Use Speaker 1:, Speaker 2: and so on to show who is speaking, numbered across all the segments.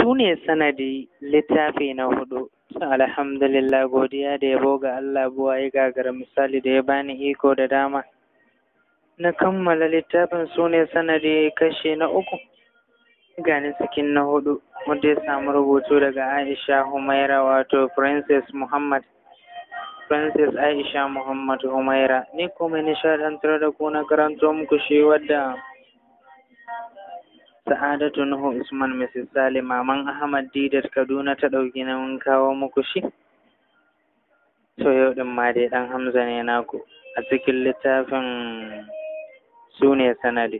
Speaker 1: su ne sanadi littafi na hudu alhamdulillah godiya da yabo ga Allah buwa ya gagara misali da ya bani iko da dama na kammala littafin su ne sanadi kashe na uku gani cikin na hudu wanda ya samu rubutu daga Aisha Humaira wato Princess Muhammad Princess Aisha Muhammad Humaira ni kuma nishadantar da ku na karanto muku shi wadda Sa'adatu Nuhu Usman Mrs. Sale maman Ahmad Didar Kaduna ta ɗauki nauyin kawo muku shi? To yau ɗin ma dai ɗan Hamza ne naku a cikin littafin su ne sanadi.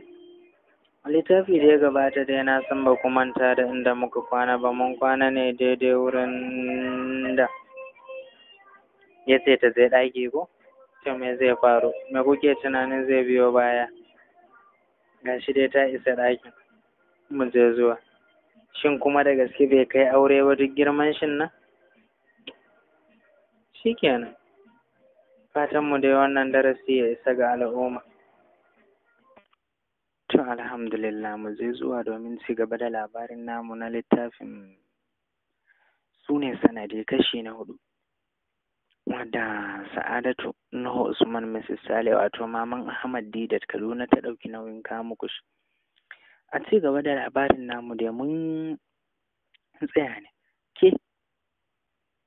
Speaker 1: Littafi da ya gabata dai na san ba ku manta da inda muka kwana ba mun kwana ne daidai wurin da ya ce ta zai ɗage ko? To me zai faru? Me kuke tunanin zai biyo baya? Gashi dai ta isa ɗakin. mu je zuwa shin kuma da gaske bai kai aure ba duk girman shin nan shikenan fatan mu dai wannan darasi ya isa ga al'umma to alhamdulillah mu je zuwa domin ci gaba da labarin namu na littafin su ne sanadi kashi na hudu wadda sa'adatu nuhu usman mrs sale wato maman ahmad didat kaduna ta ɗauki nauyin kawo muku shi a ci gaba da labarin namu da mun tsaya ne ke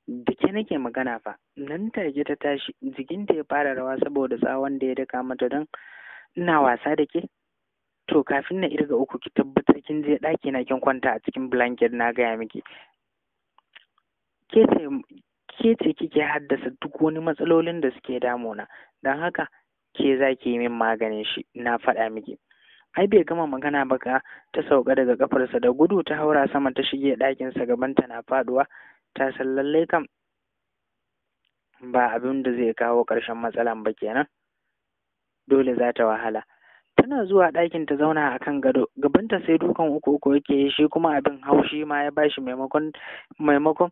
Speaker 1: da ke nake magana fa nan take ta tashi jikinta ya fara rawa saboda tsawon da ya daka mata don ina wasa da ke to kafin na irga uku ki tabbatar kin je ɗaki na kin kwanta a cikin blanket na gaya miki ke ce kike haddasa duk wani matsalolin da suke damuna don haka ke za ki yi min maganin shi na faɗa miki ai bai gama magana ba ka ta sauka daga kafarsa da gudu ta haura sama ta shige ɗakinsa gabanta na faduwa ta san lallai kam ba abin da zai kawo ƙarshen matsalan ba kenan dole za ta wahala tana zuwa ɗakin ta zauna a kan gado gabanta sai dukan uku uku yake shi kuma abin haushi ma ya bashi maimakon maimakon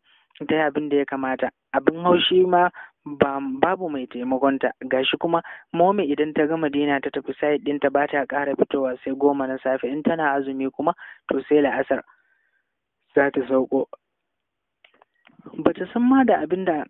Speaker 1: ta yi abin da ya kamata abin haushi ma babu mai taimakonta gashi kuma momi idan ta gama dina ta tafi sayid ɗinta ba ta ƙara fitowa sai goma na safe in tana azumi kuma to sai la'asar za ta sauko ba ta san ma da abin da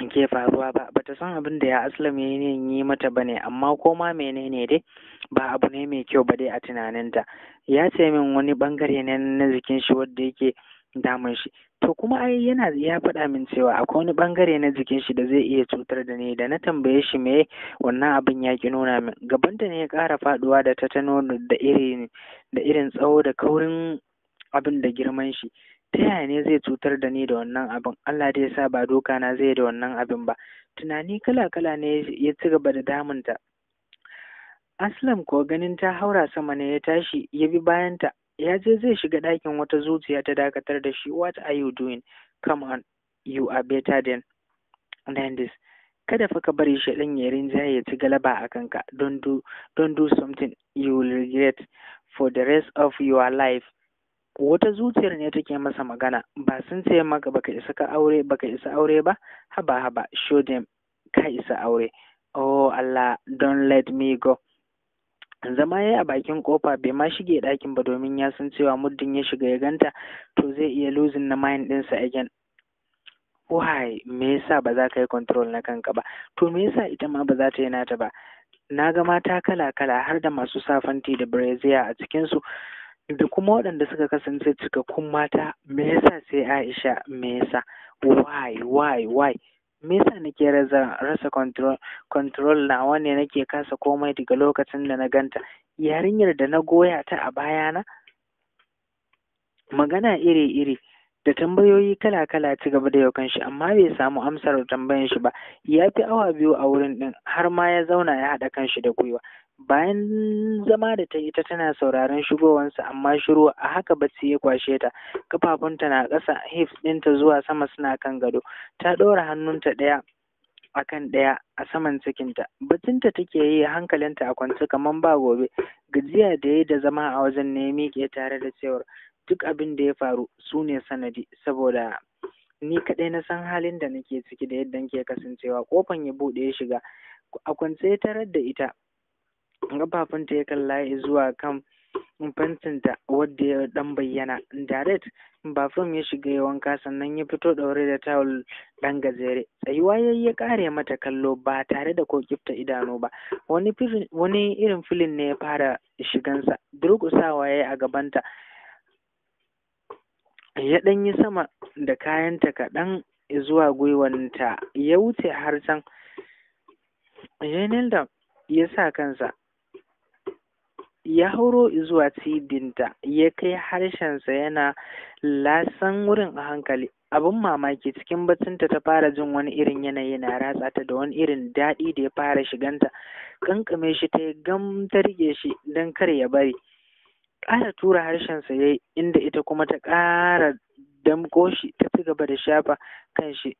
Speaker 1: ke faruwa ba ba ta san abin da ya aslam ya yi mata ba ne amma ko ma menene dai ba abu ne mai kyau ba dai a tunaninta ya ce min wani bangare ne na jikin shi wanda yake damun shi to kuma ai yana ya faɗa min cewa akwai wani bangare na jikin shi da zai iya cutar da ni da na tambaye shi me wannan abin ya ki nuna min gabanta ne ya ƙara faɗuwa da ta da irin da irin tsawo da kaurin abin da girman shi ta yaya ne zai cutar da ni da wannan abin Allah dai sa ba doka na zai da wannan abin ba tunani kala kala ne ya ci gaba da ta. Aslam ko ganin ta haura sama ne ya tashi ya bi bayanta ya je zai shiga ɗakin wata zuciya ta dakatar da shi what are you doing come on you are better than than this kada fa ka bari shaɗan ya rinja ya ci galaba a kanka don do don do something you will regret for the rest of your life wata zuciyar ne take masa magana ba sun ce maka baka isa ka aure baka isa aure ba haba haba show them ka isa aure oh Allah don't let me go zama ya yi a bakin kofa bai ma shige ɗakin ba domin ya san cewa muddin ya shiga ya ganta to zai iya losing na mind ɗinsa again why me yasa ba za ka yi control na kanka ba to me yasa ita ma ba za ta yi nata ba na ga mata kala kala har da masu safanti da brazier a cikinsu da kuma waɗanda suka kasance cikakkun mata me yasa sai aisha me yasa why why why me yasa nake rasa rasa control control nawa ne nake kasa komai daga lokacin da na ganta yarinyar da na goya ta a bayana magana iri-iri da tambayoyi kala-kala ci gaba da yaukan shi amma bai samu amsar tambayan shi ba ya fi awa biyu a wurin din har ma ya zauna ya haɗa kan shi da gwiwa bayan zama da ta ita tana sauraron shigowansa amma shiru a haka ba ya kwashe ta kafafunta na ƙasa hips ɗinta zuwa sama suna kan gado ta ɗora hannunta ɗaya akan ɗaya a saman cikinta batunta take yi hankalinta a kwance kamar ba gobe gajiya da yi da zama a wajen ne ya miƙe tare da cewar duk abin da ya faru su ne sanadi saboda ni kaɗai na san halin da nake ciki da yadda nake kasancewa kofan ya buɗe ya shiga a kwance ya tarar da ita ƙafafunta ya kalla ya zuwa kan fantinta wadda ya dan bayyana direct fim ya shiga ya wanka sannan ya fito ɗaure da tawul ɗan gajere tsayuwa ya ya kare mata kallo ba tare da ko kifta idanu ba wani irin filin ne ya fara shigansa durƙusawa ya yi a gabanta ya ɗan yi sama da kayanta kaɗan zuwa gwiwanta ya wuce har can da ya sa kansa ya hauro zuwa cibinta ya kai harshensa yana lasan wurin a hankali abin mamaki cikin batunta ta fara jin wani irin yanayi na ratsa ta da wani irin daɗi da ya fara shiganta kankame shi ta yi ta shi don kar ya bari ƙara tura harshensa ya yi inda ita kuma ta ƙara damƙo shi ta ci gaba da shafa kanshi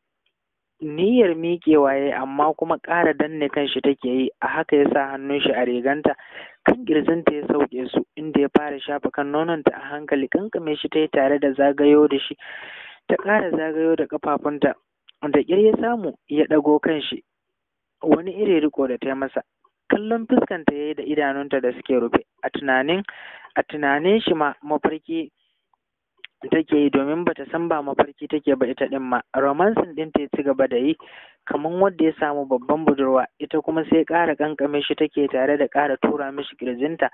Speaker 1: niyyar miƙewa ya yi amma kuma ƙara danne kanshi take yi a haka ya sa hannun shi a riganta kan girzinta ya sauke su inda ya fara shafa kan nononta a hankali kankame shi ta yi tare da zagayo da shi ta ƙara zagayo da ƙafafunta da ƙyar ya samu ya ɗago kanshi wani iri riko da ta masa kallon fuskanta ya yi da idanunta da suke rufe a tunanin a tunanin shi ma mafarki take yi domin bata san ba mafarki take ba ita ɗin ma romansin din ta ci gaba da yi kamar wanda ya samu babban budurwa ita kuma sai ƙara kankame shi take tare da ƙara tura mishi kirjinta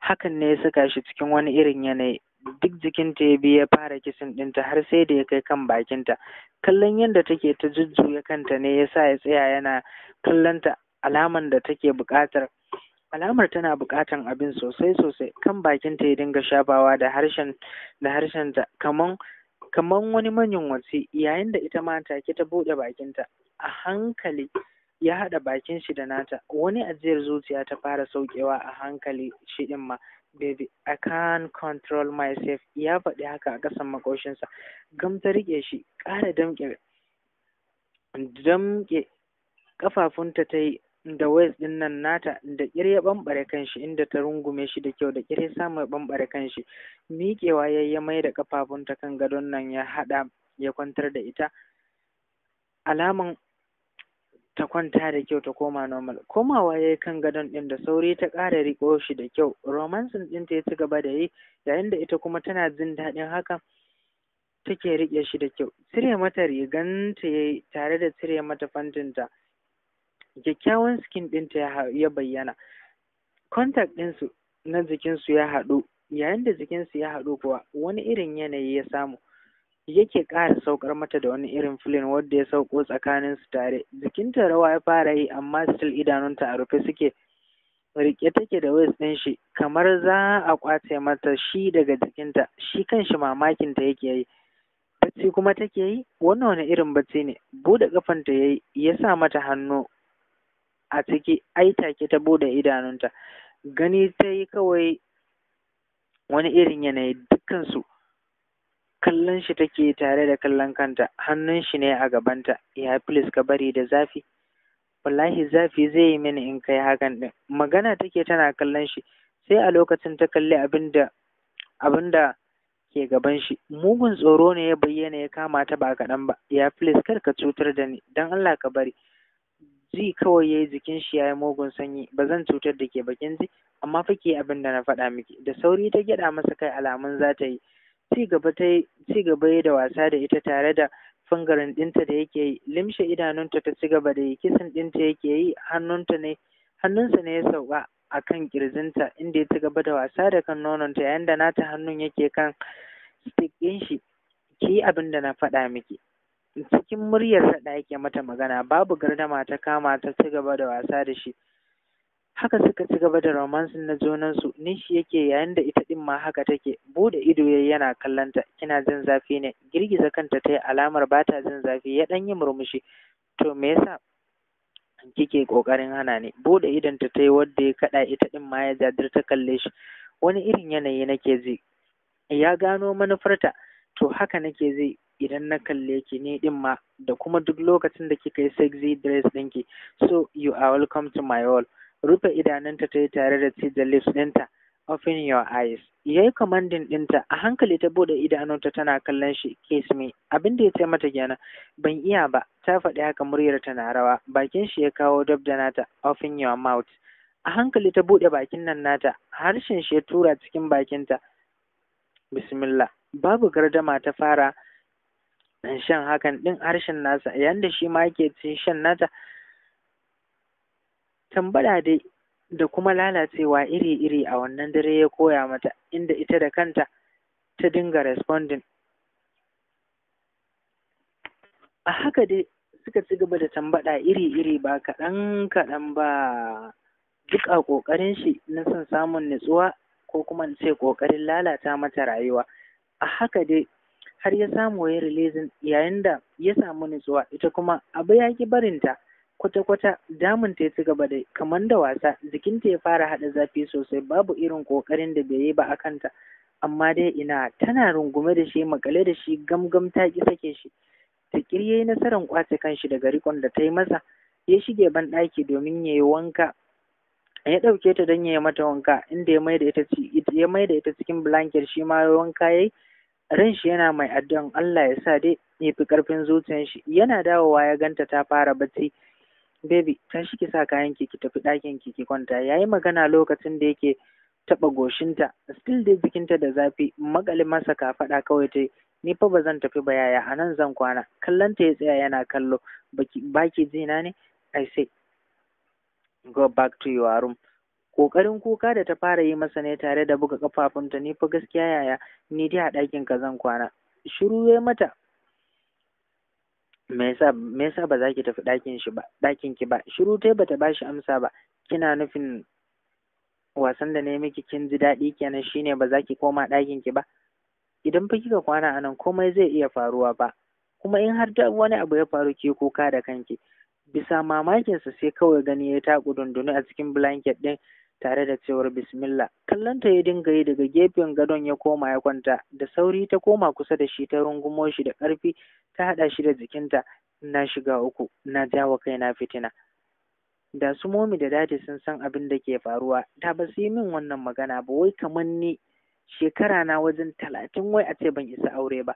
Speaker 1: hakan ne ya saka shi cikin wani irin yanayi duk jikin ta ya biya ya fara kisin ɗinta har sai da ya kai kan bakinta kallon yadda take ta jujjuya kanta ne ya sa ya tsaya yana kallonta alaman da take buƙatar alamar tana buƙatan abin sosai sosai kan bakin ta ya dinga shafawa da harshen da harshen ta kaman kaman wani wasi yayin da ita ma take ta buɗe bakinta a hankali ya haɗa bakin shi da nata wani ajiyar zuciya ta fara saukewa a hankali shi ɗin ma baby I can't control myself ya faɗi haka a ƙasan makoshinsa gam ta rike shi ƙara damƙe damƙe ƙafafunta ta yi da waist din nan nata da ƙyar ya bambare kanshi inda ta rungume shi da kyau da ƙyar ya samu ya bambare kanshi miƙewa ya ya mai da ƙafafunta kan gadon nan ya haɗa ya kwantar da ita alaman ta kwanta da kyau ta koma normal komawa ya yi kan gadon din da sauri ta ƙara riƙo shi da kyau romansin ɗinta ya ci gaba da yi yayin da ita kuma tana jin daɗin haka take riƙe shi da kyau cire mata riganta ya yi tare da cire mata fantinta kyakkyawan skin dinta ya bayyana kontak ɗinsu na jikinsu ya haɗu yayin da jikinsu ya haɗu kuwa wani irin yanayi ya samu yake ƙara saukar mata da wani irin filin wadda ya sauko tsakanin su tare jikinta rawa ya fara yi amma still idanunta a rufe suke rike take da waist ɗin shi kamar za a kwace mata shi daga jikinta shi kanshi mamakin ta yake yi bacci kuma take yi wannan wani irin bacci ne bude kafanta yayi ya sa mata hannu a ciki ai take ta buɗe idanunta gani ta yi kawai wani irin yanayi dukkansu kallon shi take tare da kallon kanta hannun shi ne a gabanta ya filis ka bari da zafi wallahi zafi zai yi mini in kai hakan ɗin. magana take tana kallon shi sai a lokacin ta kalli abinda abinda ke gaban shi mugun tsoro ne ya bayyana ya kama ta ba kaɗan ba ya filis kar ka cutar da ni don allah ka bari ji kawai yayi jikin shi yayi mugun sanyi ba zan cutar da ke bakin amma fa ke abin da na faɗa miki da sauri ta gyada masa kai alamun za ta yi ci gaba ta yi da wasa da ita tare da fangaren ɗinta da yake yi limshe idanunta ta ci gaba da yi kisan ɗinta yake yi hannunta ne hannunsa ne ya sauka a kan ƙirjinta inda ya cigaba da wasa da kan nononta yayin da nata hannun yake kan stick ɗin shi ki yi abin da na faɗa miki cikin muryarsa da yake mata magana babu gardama ta kama ta ci gaba da wasa da shi haka suka ci gaba da romance na junansu ni shi yake yayin da ita din ma haka take bude ido yayi yana kallanta kina jin zafi ne girgiza kanta tayi alamar bata ta jin zafi ya dan yi murmushi to me yasa kike kokarin hana ni bude idon ta tayi wadda ya kada ita din ma ya jadir ta kalle shi wani irin yanayi nake ji ya gano manufarta to haka nake ji idan na kalle ki ni din ma da kuma duk lokacin da kika yi sexy dress ɗinki so you are welcome to my hall rufe idanunta ta yi tare da the lips ɗinta open your eyes yayi commanding ɗinta a hankali ta bude idanunta tana kallon shi kiss me abin da ya ce mata kenan ban iya ba ta faɗi haka muryar ta na rawa bakin shi ya kawo dab da nata open your mouth a hankali ta bude bakin nan nata harshen shi ya tura cikin bakinta bismillah babu gardama ta fara shan hakan ɗin harshen nasa yanda shi ma yake cin shan nata tambada dai da kuma lalacewa iri-iri a wannan dare ya koya mata inda ita da kanta ta dinga responding a haka dai suka ci gaba da tambada iri-iri ba kaɗan-kaɗan ba duk a ƙoƙarin shi na son samun nutsuwa ko kuma in ce ƙoƙarin lalata mata rayuwa a haka dai har ya samu ya releasing yayin da ya samu nutsuwa ita kuma abu ya ki barinta kwata-kwata damun ta ya ci gaba da kamar da wasa jikinta ya fara haɗa zafi sosai babu irin ƙoƙarin da bai yi ba a kanta amma dai ina tana rungume da shi makale da shi gamgam ta ki sake shi ta kirye nasarar kwace shi daga rikon da ta yi masa ya shige ban ɗaki domin ya yi wanka ya ɗauke ta don ya yi mata wanka inda ya maida ita ita cikin blanket shi ma wanka yayi ran shi yana mai addu'an Allah ya sa dai ya fi ƙarfin zuciyar shi yana dawowa ya ganta ta fara bacci baby tashi shi ki sa kayan ki ki tafi ɗakin ki ki kwanta yayi magana lokacin da yake taɓa goshinta still dai jikinta da zafi makale masa kafaɗa kawai ta ni fa ba zan tafi ba yaya a nan zan kwana kallon ta ya tsaya yana kallo baki baki jina ne i say go back to your room kokarin kuka da ta fara yi masa ne tare da buga kafafunta ni fa gaskiya yaya ni dai a ɗakin ka zan kwana shiru ya mata me yasa me yasa ba za ki tafi ɗakin shi ba ɗakin ki ba shiru tai bata bashi amsa ba kina nufin wasan da na miki kin ji daɗi kenan shine ba za ki koma ɗakin ki ba idan fa kika kwana a nan komai zai iya faruwa ba kuma in har da wani abu ya faru ki kuka da kanki bisa mamakinsa sai kawai gani ya ta kudundunu a cikin blanket ɗin tare da cewar bismillah kallonta ya dinga yi daga gefen gadon ya koma ya kwanta da sauri ta koma kusa da shi ta rungumo shi da ƙarfi ta haɗa shi da jikinta na shiga uku na jawa na fitina da su momi da dadi sun san abin da ke faruwa da ba su yi min wannan magana ba wai kamar ni shekara na wajen talatin wai a ce ban isa aure ba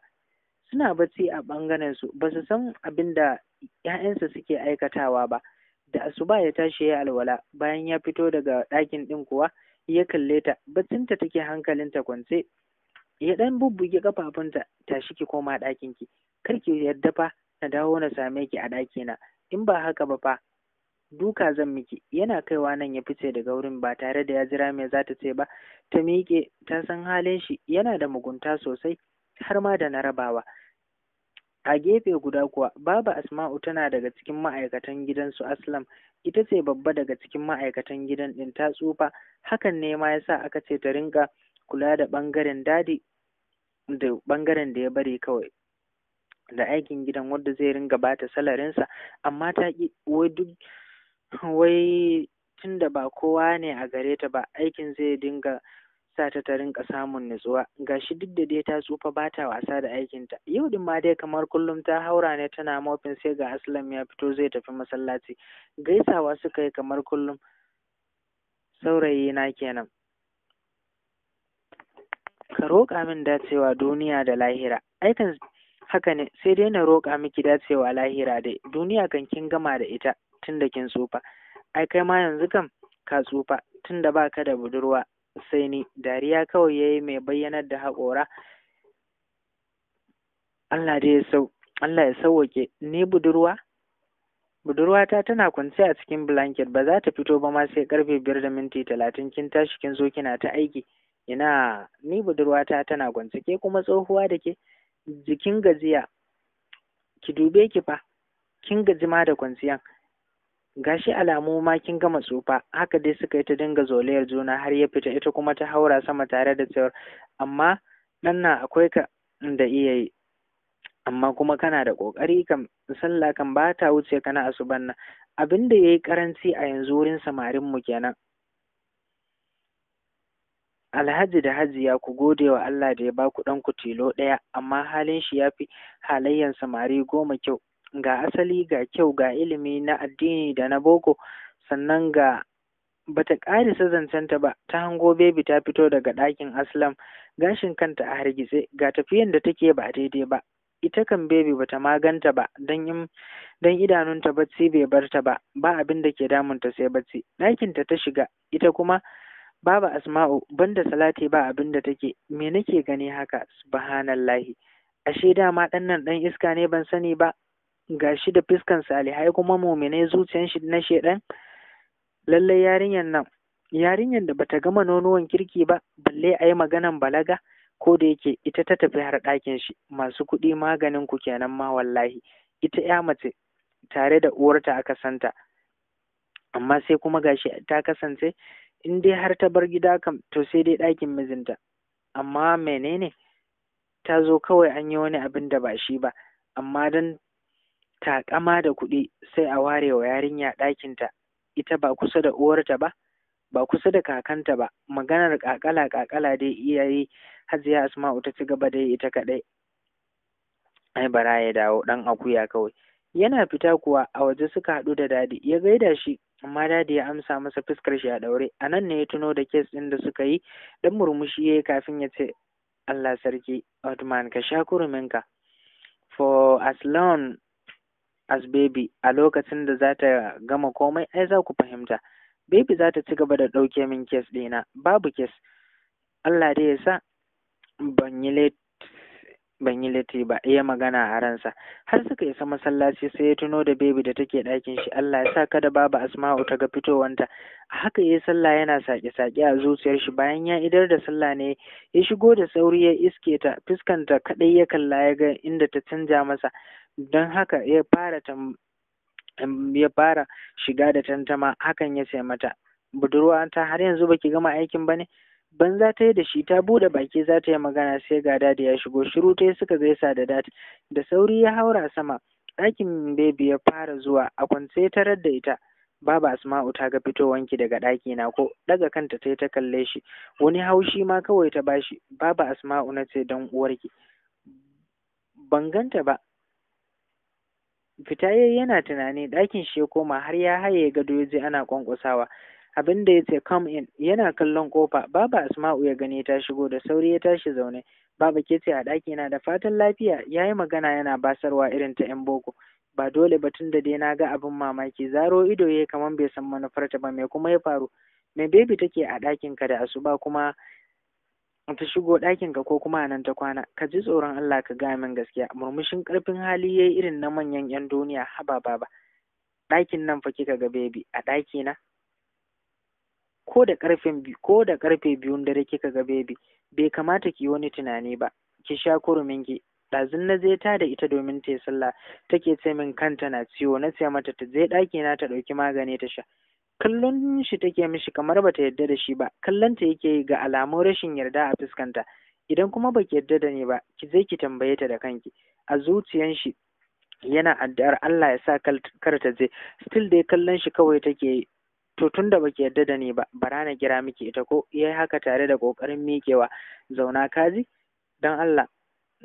Speaker 1: suna bacci a ɓangaren su ba su san abin da 'ya'yansa suke aikatawa ba da asuba ya tashi ya alwala bayan ya fito daga ɗakin ɗin kuwa ya kalle ta batunta take hankalinta kwance ya ɗan bubbuge kafafunta tashi ki koma ɗakin ki kar ki yarda fa na dawo na same ki a ɗakina in ba haka ba fa duka zan miki yana kaiwa nan ya fice daga wurin ba tare da ya jira me za ta ce ba ta miƙe ta san halin shi yana da mugunta sosai har ma da na rabawa A gefe guda kuwa, Baba Asma'u tana daga cikin ma'aikatan gidan su Aslam, ita ce babba daga cikin ma'aikatan gidan ɗin ta tsufa, hakan ne ma yasa aka ce ta rinka kula da ɓangaren dadi da ɓangaren da ya bari kawai. Da aikin gidan wanda zai ringa bata salarinsa, amma ta ƙi wai duk wai tunda ba kowa ne a gare ta ba, aikin zai dinga sa ta ta rinka samun nutsuwa gashi duk da dai ta tsufa ba ta wasa da aikinta yau din ma dai kamar kullum ta haura ne tana mofin sai ga aslam ya fito zai tafi masallaci gaisawa suka yi kamar kullum saurayi na kenan ka roƙa min dacewa duniya da lahira Aikin haka ne sai dai na roƙa miki dacewa lahira dai duniya kan kin gama da ita tun kin tsufa ai kai ma yanzu kam ka tsufa tunda da baka da budurwa Saini, dariya kawai ya yi mai bayyanar da haƙora Allah dai ya sau Allah ya sauwake ni budurwa budurwata tana kwance a cikin blanket ba za ta fito ba ma sai karfe biyar da minti talatin kin tashi kin zo kina ta aiki ina ni budurwata tana kwance ke kuma tsohuwa da ke jikin gajiya ki dube ki fa kin gaji ma da kwanciyan gashi alamu ma kin gama tsufa haka dai suka yi ta dinga zoliyar juna har ya fita ita kuma ta haura sama tare da cewar amma nan na akwai ka da iya yi amma kuma kana da ƙoƙari kam sallah kan ba ta wuce kana asuban nan abin da ya yi karanci a yanzu wurin mu kenan alhaji da hajiya ku gode wa Allah da ya ba ku ku tilo ɗaya amma halin shi ya fi halayyan samari goma kyau ga asali ga kyau ga ilimi na addini da na boko sannan ga Ba ta ƙarisa zancenta ba ta hango bebi ta fito daga ɗakin aslam gashin kanta a hargitse ga tafiyan da take ba daidai ba ita kan bebi ta maganta ba don idanunta bacci bai barta ba ba abin da ke damunta sai bacci ɗakinta ta shiga ita kuma babu asma'u banda salati ba abin da take me nake gani haka subhanallahi ashe dama ɗan nan ɗan iska ne ban sani ba Ga shi da fiskan salihai kuma muminai zuciyan shi na shedan lallai yarinyar nan yarinyar da bata gama nonuwan kirki ba balle ayi maganan balaga ko da yake ita ta tafi har ɗakin shi masu kuɗi maganin ku kenan ma wallahi ita ya mace tare da uwarta aka santa amma sai kuma gashi ta kasance in dai har ta bar gida kam to sai dai ɗakin mijinta amma menene ta zo kawai an yi wani abin da ba shi ba amma don takama da kuɗi sai a ware wa yarinya ɗakinta ita ba kusa da uwarta ba ba kusa da kakanta ba maganar kakala kakala dai iyaye hajiya asma'u ta ci gaba da ita kaɗai ai bara ya dawo ɗan akuya kawai yana fita kuwa a waje suka haɗu da dadi ya gaida shi amma dadi ya amsa masa fuskar shi a ɗaure a nan ne ya tuno da kes ɗin da suka yi dan murmushi ya yi kafin ya ce allah sarki otman ka sha kuruminka for as long as baby a lokacin da za ta gama komai ai za ku fahimta baby za ta ci gaba da ɗauke min kes ɗina babu kes Allah dai ya sa ban yi latti ba iya magana a ransa har suka isa masallaci sai ya tuno da baby da take ɗakin shi Allah ya sa kada babu asma'u ta ga fitowanta a haka ya sallah yana saƙe-saƙe a zuciyar shi bayan ya idar da sallah ne ya shigo da sauri ya iske ta fuskanta kaɗai ya kalla ya ga inda ta canja masa don haka ya fara ya fara shiga da tantama hakan ya saya mata budurwa ta har yanzu baki gama aikin bane ne banza ta yi da shi ta bude baki za ta yi magana sai ga dadi ya shigo shiru ta suka gaisa da dadi da sauri ya haura sama ɗakin bebi ya fara zuwa a kwance tarar da ita Baba Asma'u ta ga fitowanki daga ɗaki na ko daga kanta ta ta kalle shi wani haushi ma kawai ta bashi Baba Asma'u na ce dan uwarki ban ganta ba fita yayi yana tunani ɗakin shi ya koma har ya haye gado ya je ana kwankwasawa abin da ya ce come in yana kallon ƙofa. baba asma'u ya gani ta shigo da sauri ya tashi zaune baba ke ce a ɗaki na da fatan lafiya ya yi magana yana basarwa irin ta yan boko ba dole ba tun da dai na ga abin mamaki zaro ido ya kamar bai san manufarta ba me kuma ya faru me bebi take a ɗakin ka da asuba kuma ta shigo ɗakin ka ko kuma a nan ta kwana ka ji tsoron Allah ka ga min gaskiya murmushin ƙarfin hali yayi irin na manyan 'yan duniya haba baba ɗakin nan fa kika ga baby a ɗaki na ko da ƙarfin ko da ƙarfe biyun dare kika ga bebi bai kamata ki wani tunani ba ki sha kurumin ki ɗazun na je ta da ita domin ta yi sallah take ce min kanta na ciwo na ce mata ta je ɗaki na ta ɗauki magani ta sha kallon shi take mishi kamar bata yarda da shi ba kallon ta yake ga alamun rashin yarda a fuskanta idan kuma baki yarda da ni ba ki je ki tambaye ta da kanki a zuciyan shi yana addu'ar Allah ya sa kar ta je still dai kallon shi kawai take to tun da baki yarda da ni ba bara na kira miki ita ko yayi haka tare da kokarin mikewa zauna kaji dan Allah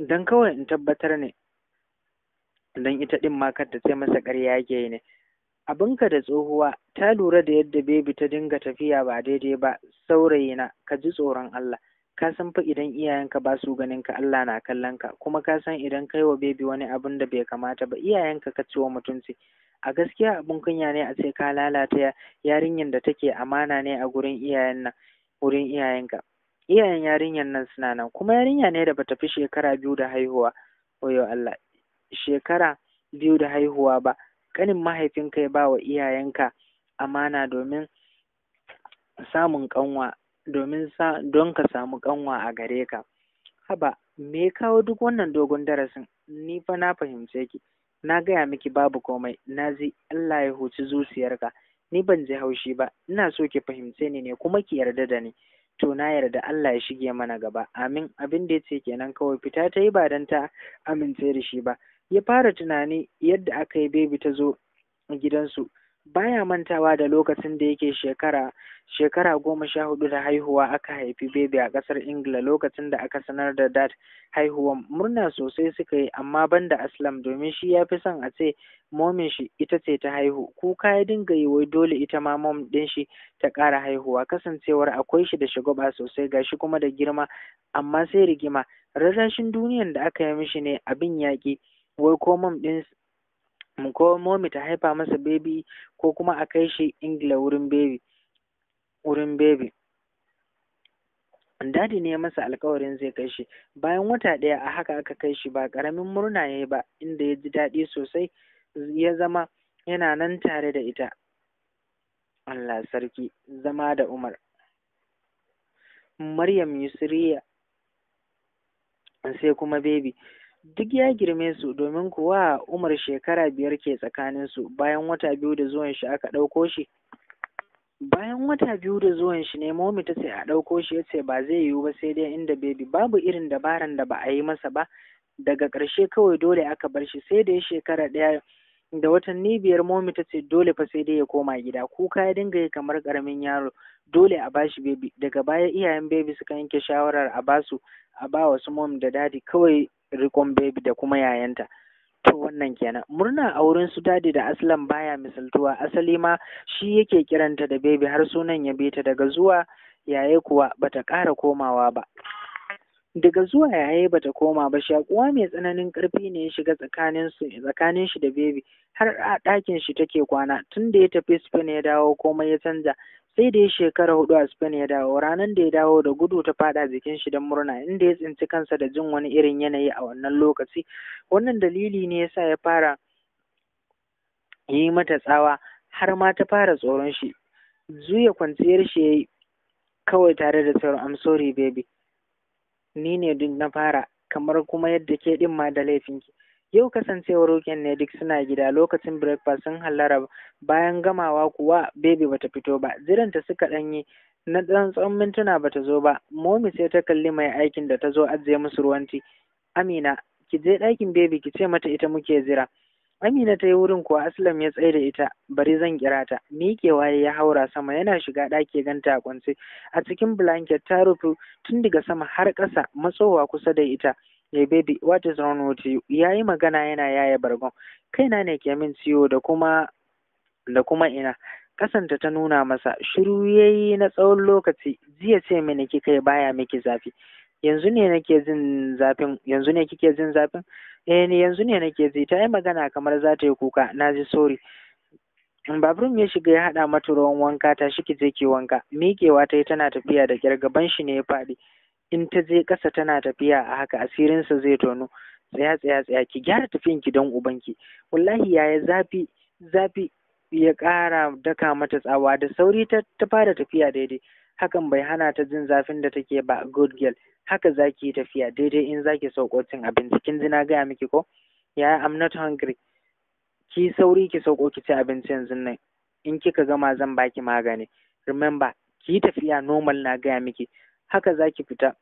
Speaker 1: dan kawai in tabbatar ne dan ita din ma kar ta sai masa ƙarya yake ne abinka da tsohuwa ta lura da yadda bebi ta dinga tafiya ba daidai ba saurayina ka ji tsoron Allah ka san fa idan iyayenka ba su ganin ka Allah na kallon ka kuma ka san idan kai wa bebi wani abin da bai kamata ba iyayenka ka ciwo mutunci a gaskiya abin kunya ne a ce ka lalata yarinyar da take amana ne a gurin iyayen nan wurin iyayenka iyayen yarinyar nan suna nan kuma yarinya ne da bata fi shekara biyu da haihuwa oyo Allah shekara biyu da haihuwa ba kanin mahaifinka ya ba wa iyayenka amana domin samun kanwa domin sa don ka samu kanwa a gare ka haba me ya kawo duk wannan dogon darasin ni fa na fahimce ki na gaya miki babu komai na ji Allah ya huci zuciyarka ni ban je haushi ba ina so ki fahimce ni ne kuma ki yarda da ni to na yarda Allah ya shige mana gaba amin abin da ce kenan kawai fita ta yi ba dan ta amince da shi ba ya fara tunani yadda aka yi bebi ta zo gidansu baya mantawa da lokacin da yake shekara shekara goma sha hudu da haihuwa aka haifi bebi a ƙasar ingila lokacin da aka sanar da dat haihuwan murna sosai suka yi amma banda aslam domin shi ya fi son a ce momin shi ita ce ta haihu kuka ya dinga yi wai dole ita ma mom din shi ta ƙara haihuwa kasancewar akwai shi da shagwaba sosai gashi kuma da girma amma sai rigima rarrashin duniyan da aka yi mishi ne abin yaƙi wai ko mom ɗin ko momi ta haifa masa baby ko kuma a kai shi ingila wurin baby wurin baby dadi ne masa alkawarin zai kai shi bayan wata ɗaya a haka aka kai shi ba ƙaramin murna ya yi ba inda ya ji daɗi sosai ya zama yana nan tare da ita Allah sarki zama da Umar Maryam Yusriya sai kuma baby duk ya girme su domin kuwa umar shekara biyar ke tsakanin su bayan wata biyu da zuwan shi aka ɗauko shi bayan wata biyu da zuwan shi ne momi ta ce a ɗauko shi ya ce ba zai yiwu ba sai dai inda bebi babu irin dabaran da ba a yi masa ba daga ƙarshe kawai dole aka bar shi sai dai shekara ɗaya da watanni biyar momi ta ce dole fa sai dai ya koma gida kuka ya dinga yi kamar ƙaramin yaro dole a bashi bebi daga baya iyayen bebi suka yanke shawarar a basu a ba wasu mom da dadi kawai rikon baby da kuma yayanta to wannan kenan murna wurin su dadi da aslan baya misaltuwa asali ma shi yake kiranta da baby har sunan ya bita daga zuwa yaye kuwa bata ƙara komawa ba daga zuwa ba bata koma ba shakuwa mai tsananin karfi ne ya shiga tsakanin su tsakanin shi da baby har a ɗakin shi take kwana tun da ya tafi Spain ya dawo komai ya canza sai da ya shekara hudu a Spain ya dawo ranar da ya dawo da gudu ta fada jikin shi don murna inda ya tsinci kansa da jin wani irin yanayi a wannan lokaci wannan dalili ne yasa ya fara yi mata tsawa har ma ta fara tsoron shi zuya kwanciyar shi kawai tare da sauran I'm sorry baby ni ne duk na fara kamar kuma yadda ke din ma da ki. yau kasancewar weekend ne duk suna gida lokacin breakfast sun hallara bayan gamawa kuwa baby bata fito ba jiranta suka yi. na ɗan tsawon mintuna bata zo ba momi sai ta kalli mai aikin da ta zo ajiye musu ruwan ci. amina ki je ɗakin baby ki ce mata ita muke zira Amina ta yi wurin kuwa Aslam ya tsaye da ita, bari zan kira ta. Miƙewa ya haura sama yana shiga ɗaki ganta a kwance. A cikin blanket ta rufe tun daga sama har ƙasa matsowa kusa da ita. Hey baby, what is wrong with you? Ya yi magana yana yaya bargon. Kaina ne ke min ciwo da kuma da kuma ina. Kasanta ta nuna masa shiru ya yi na tsawon lokaci jiya ce mini kika baya miki zafi. Yanzu ne nake jin zafin, yanzu ne kike jin zafin? eh ne yanzu ne nake ji ta yi magana kamar za ta yi kuka na ji sori babrum ya shiga ya haɗa mata ruwan wanka ta shi ki je ki wanka miƙewa ta yi tana tafiya da kyar gaban shi ne ya faɗi in ta je ƙasa tana tafiya a haka asirinsa zai tono tsaya tsaya tsaya ki gyara tafiyan ki don ubanki wallahi yaya zafi zafi ya ƙara daka mata tsawa da sauri ta fara tafiya daidai hakan bai hana ta jin zafin da take ba good girl haka za ki yi tafiya daidai in za ki sauko cin abinci kin ji na gaya miki ko yaya i'm not hungry ki sauri ki sauko ki ci abinci yanzu nan in kika gama zan baki magani remember ki yi tafiya normal na gaya miki haka za ki fita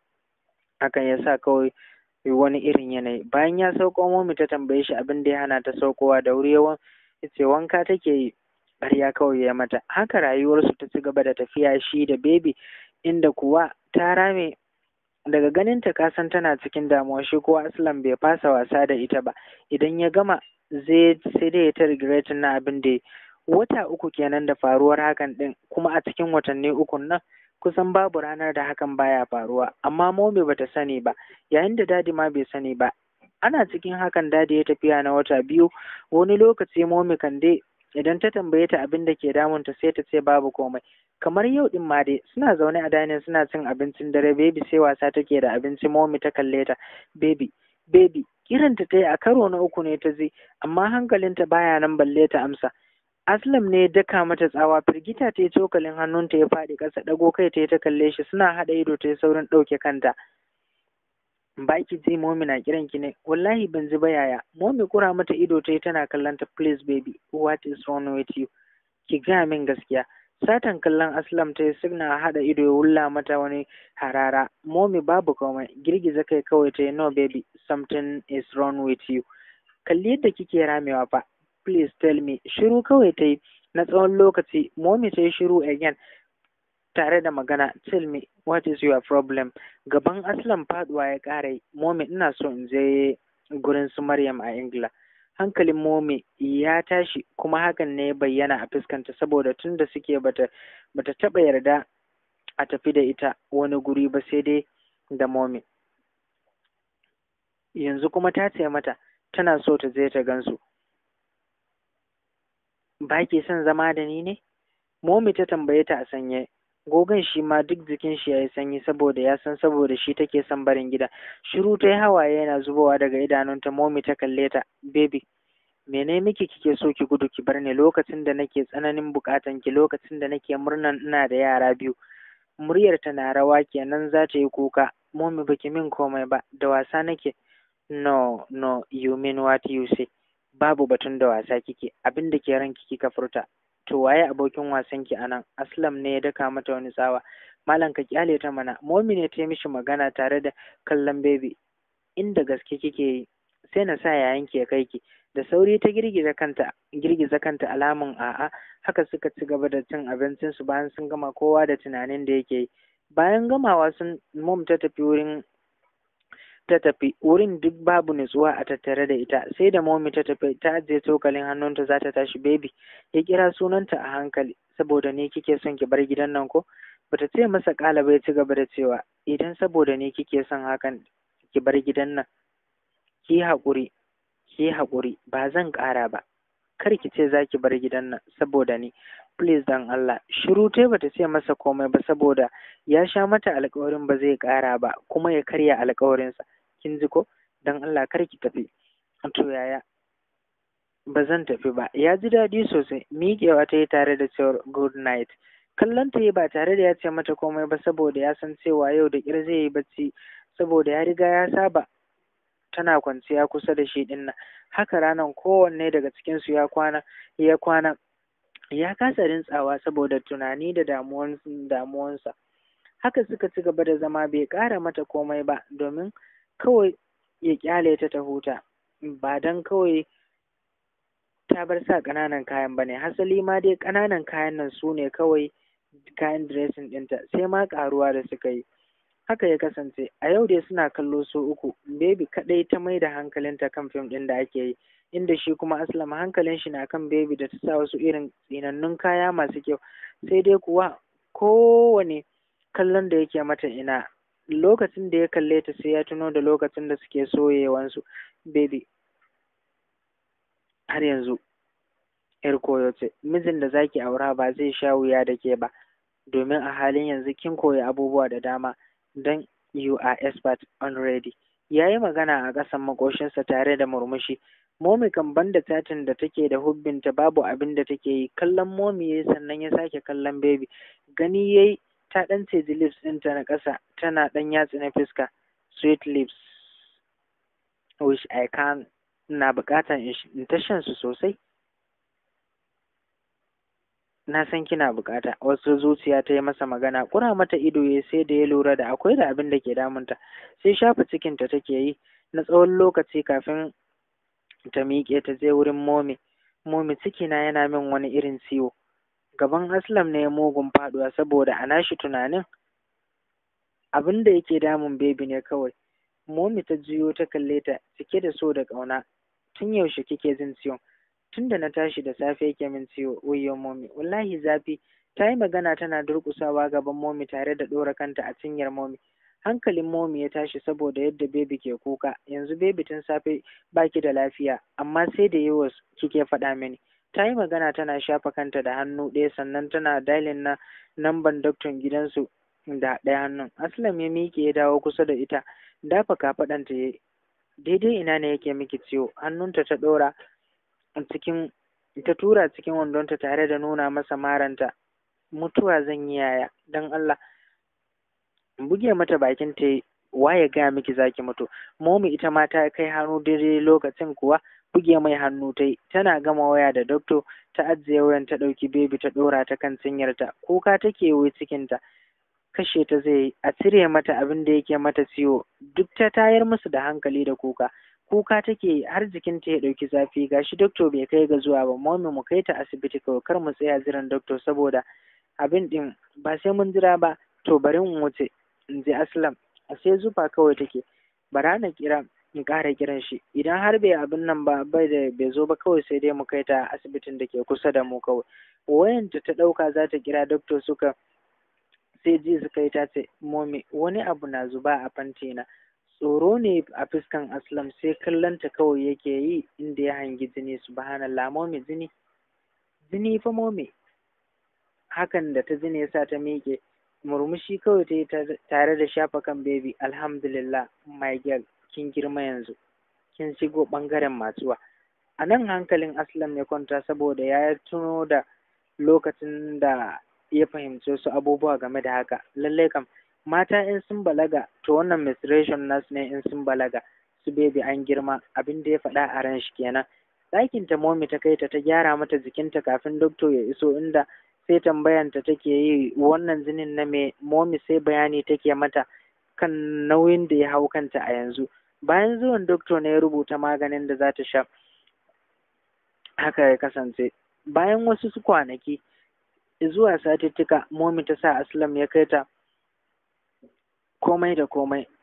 Speaker 1: hakan ya sa kawai wani irin yanayi bayan ya sauko momi ta tambaye shi abin da ya hana ta saukowa da wuri yawan ce wanka take yi ƙarya kawai ya mata haka rayuwarsu ta ci gaba da tafiya shi da bebi inda kuwa ta rame daga ganinta ka san tana cikin damuwa shi kuwa aslan bai fasa wasa da ita ba idan ya gama zai sai dai ta regret na abin da wata uku kenan da faruwar hakan din kuma a cikin watanni uku nan kusan babu ranar da hakan baya faruwa amma momi bata sani ba yayin da dadi ma bai sani ba ana cikin hakan dadi ya tafiya na wata biyu wani lokaci momi kan dai idan ta tambaye ta abin da ke damunta sai ta ce babu komai kamar yau din ma dai suna zaune a dining suna cin abincin dare baby sai wasa take da abinci momi ta kalle ta baby baby kiranta ta yi a karo na uku ne ta je amma hankalinta baya nan balle ta amsa aslam ne daka mata tsawa firgita ta yi cokalin hannunta ya faɗi ƙasa ɗago kai ta ta kalle shi suna haɗa ido ta yi saurin ɗauke kanta ba ki ji momi na kiran ki ne wallahi ban ji ba yaya momi kura mata ido ta yi tana kallon ta please baby what is wrong with you ki ga min gaskiya satan kallon aslam ta yi suna haɗa ido ya wulla mata wani harara momi babu komai girgiza kai kawai ta yi no baby something is wrong with you kalli yadda kike ramewa fa please tell me shiru kawai ta yi na tsawon lokaci momi ta yi shiru again tare da magana tell me what is your problem gaban aslan faduwa ya ƙara momi ina so in je gurin su maryam a ingila hankalin momi ya tashi kuma hakan ne ya bayyana a fuskanta saboda tunda suke bata bata taɓa yarda a tafi da ita wani guri ba sai dai da momi yanzu kuma ta ce mata tana so ta je ta gansu ba ke son zama da ni ne momi ta tambaye ta a sanye gogon shi ma duk jikin shi yayi sanyi saboda ya san saboda shi take son barin gida shiru ta yi hawaye yana zubowa daga idanunta momi ta kalle ta baby mene miki kike so ki gudu ki bar ni lokacin da nake tsananin bukatan ki lokacin da nake murnan ina da yara biyu muryar ta na rawa kenan za ta yi kuka momi baki min komai ba da wasa nake no no you mean what you say babu batun da wasa kike abin da ke ranki kika furta To waye abokin wasan ki anan? Aslam ne ya daka mata wani tsawa. Malam ka kyale ta mana. Momi ne ta yi mishi magana tare da kallon baby. Inda gaske kike yi, sai na sa yayan ki ya kai ki. Da sauri ta girgiza kanta, girgiza kanta alamun a'a. Haka suka ci gaba da cin abincin su bayan sun gama kowa da tunanin da yake yi. Bayan gamawa sun mom ta tafi wurin ta tafi wurin duk babu nutsuwa a tattare da ita sai da momi ta tafi ta ajiye cokalin hannunta za ta tashi baby ya kira sunanta a hankali saboda ne kike son ki bar gidan nan ko bata ce masa kalaba ya ci gaba da cewa idan saboda ne kike son hakan ki bar gidan nan ki haƙuri ki haƙuri ba zan ƙara ba kar ki ce za ki bar gidan nan saboda ni please dan Allah shiru tai bata ce masa komai ba saboda ya sha mata alƙawarin ba zai ƙara ba kuma ya karya alƙawarinsa kin ji ko dan Allah kar ki tafi to yaya ba zan tafi ba ya ji daɗi sosai miƙewa ta yi tare da cewar good night kallon ta yi ba tare da ya ce mata komai ba saboda ya san cewa yau da ƙyar zai yi bacci saboda ya riga ya saba tana kwanciya kusa da shi ɗin nan haka ranan kowanne daga cikinsu ya kwana ya kwana ya kasa rintsawa saboda tunani da damuwansa haka suka ci gaba da zama bai ƙara mata komai ba domin kawai ya kyale ta ta huta ba don kawai ta bar sa ƙananan kayan ba ne hasali ma dai ƙananan kayan nan su ne kawai kayan dressing ɗinta sai ma ƙaruwa da suka yi haka ya kasance a yau dai suna kallo su uku baby kaɗai ta mai da hankalinta kan fim ɗin da ake yi inda shi kuma aslam hankalin shi na kan baby da ta sa wasu irin tsinannun kaya masu kyau sai dai kuwa kowane kallon da yake mata ina lokacin da ya kalle ta sai ya tuno da lokacin da suke soyewansu baby har yanzu yar koyo ce mijin da zaki aura ba zai sha wuya da ke ba domin a halin yanzu kin koyi abubuwa da dama don you are expert already ya yi magana a ƙasan makoshinsa tare da murmushi momi kan banda tatin da take da hubbinta babu abin da take yi kallon momi yi sannan ya sake kallon baby gani ya yi. ta ɗan ciji lips ɗinta na ƙasa tana ɗan yatsa na fuska sweet lips which I can na buƙatar in ta shan su sosai na san kina buƙata wasu zuciya ta yi masa magana ƙura mata ido ya sai da ya lura da akwai da abin da ke damunta sai shafa cikinta take yi na tsawon lokaci kafin ta miƙe ta je wurin momi momi cikina yana min wani irin ciwo gaban Aslam ne mugun faduwa saboda a nashi tunanin abin da yake damun bebi ne kawai. Momi ta juyo ta kalle ta cike da so da ƙauna. Tun yaushe kike jin ciwo Tun da na tashi da safe yake min ciwo, wayyo momi. Wallahi zafi. Ta yi magana tana durƙusawa gaban momi tare da ɗora kanta a cinyar momi. Hankalin momi ya tashi saboda yadda bebi ke kuka. Yanzu bebi tun safe baki da lafiya, amma sai da yawa kike faɗa mini. ta yi magana tana shafa kanta da hannu ɗaya sannan tana dalin na namban dakton gidansu da ɗaya hannun aslam ya miƙe ya dawo kusa da ita dafa kafaɗanta ya daidai ina ne yake miki ciwo hannunta ta ɗora cikin ta tura cikin wandonta tare da nuna masa maranta mutuwa zan yi yaya don allah buge mata bakin ta waye gaya miki zaki mutu momi ita ma ta kai hannu daidai lokacin kuwa buge mai hannu ta yi tana gama waya da dokto ta ajiye wayan ta ɗauki bebi ta ɗora ta kan cinyarta kuka take cikin cikinta kashe ta zai yi a cire mata abin da yake mata ciwo duk ta tayar musu da hankali da kuka kuka take har jikinta ya ɗauki zafi gashi dokto bai kai ga zuwa ba mu mu kai ta asibiti kawai kar mu tsaya jiran dokto saboda abin ɗin ba sai mun jira ba to bari in wuce in je aslam sai zufa kawai take bara na kira in ƙara kiran shi idan har bai abin nan ba bai da bai zo ba kawai sai dai mu kai ta asibitin da ke kusa da mu kawai wayanta ta ɗauka za ta kira doctor suka sai ji su kai ta ce momi wani abu na zuba a fanti na tsoro ne a fuskan aslam sai kallonta kawai yake yi inda ya hangi jini subhanallah momi jini jini fa momi hakan da ta jini yasa ta miƙe murmushi kawai ta yi tare da shafa kan baby alhamdulillah my girl kin girma yanzu kin shigo ɓangaren matsuwa a nan hankalin aslam ya kwanta saboda ya yi tuno da lokacin da ya fahimci wasu abubuwa game da haka lallai kam mata in sun balaga to wannan menstruation nas ne in sun balaga su bebe an girma abin da ya faɗa a ran shi kenan ɗakin ta momi ta kai ta ta gyara mata jikinta kafin dokto ya iso inda sai tambayanta take yi wannan jinin na me momi sai bayani take mata kan nauyin da ya hau kanta a yanzu bayan zuwan doctor ne ya rubuta maganin da za ta sha haka ya kasance bayan wasu su kwanaki zuwa satittika momi ta sa aslam ya kai ta komai da komai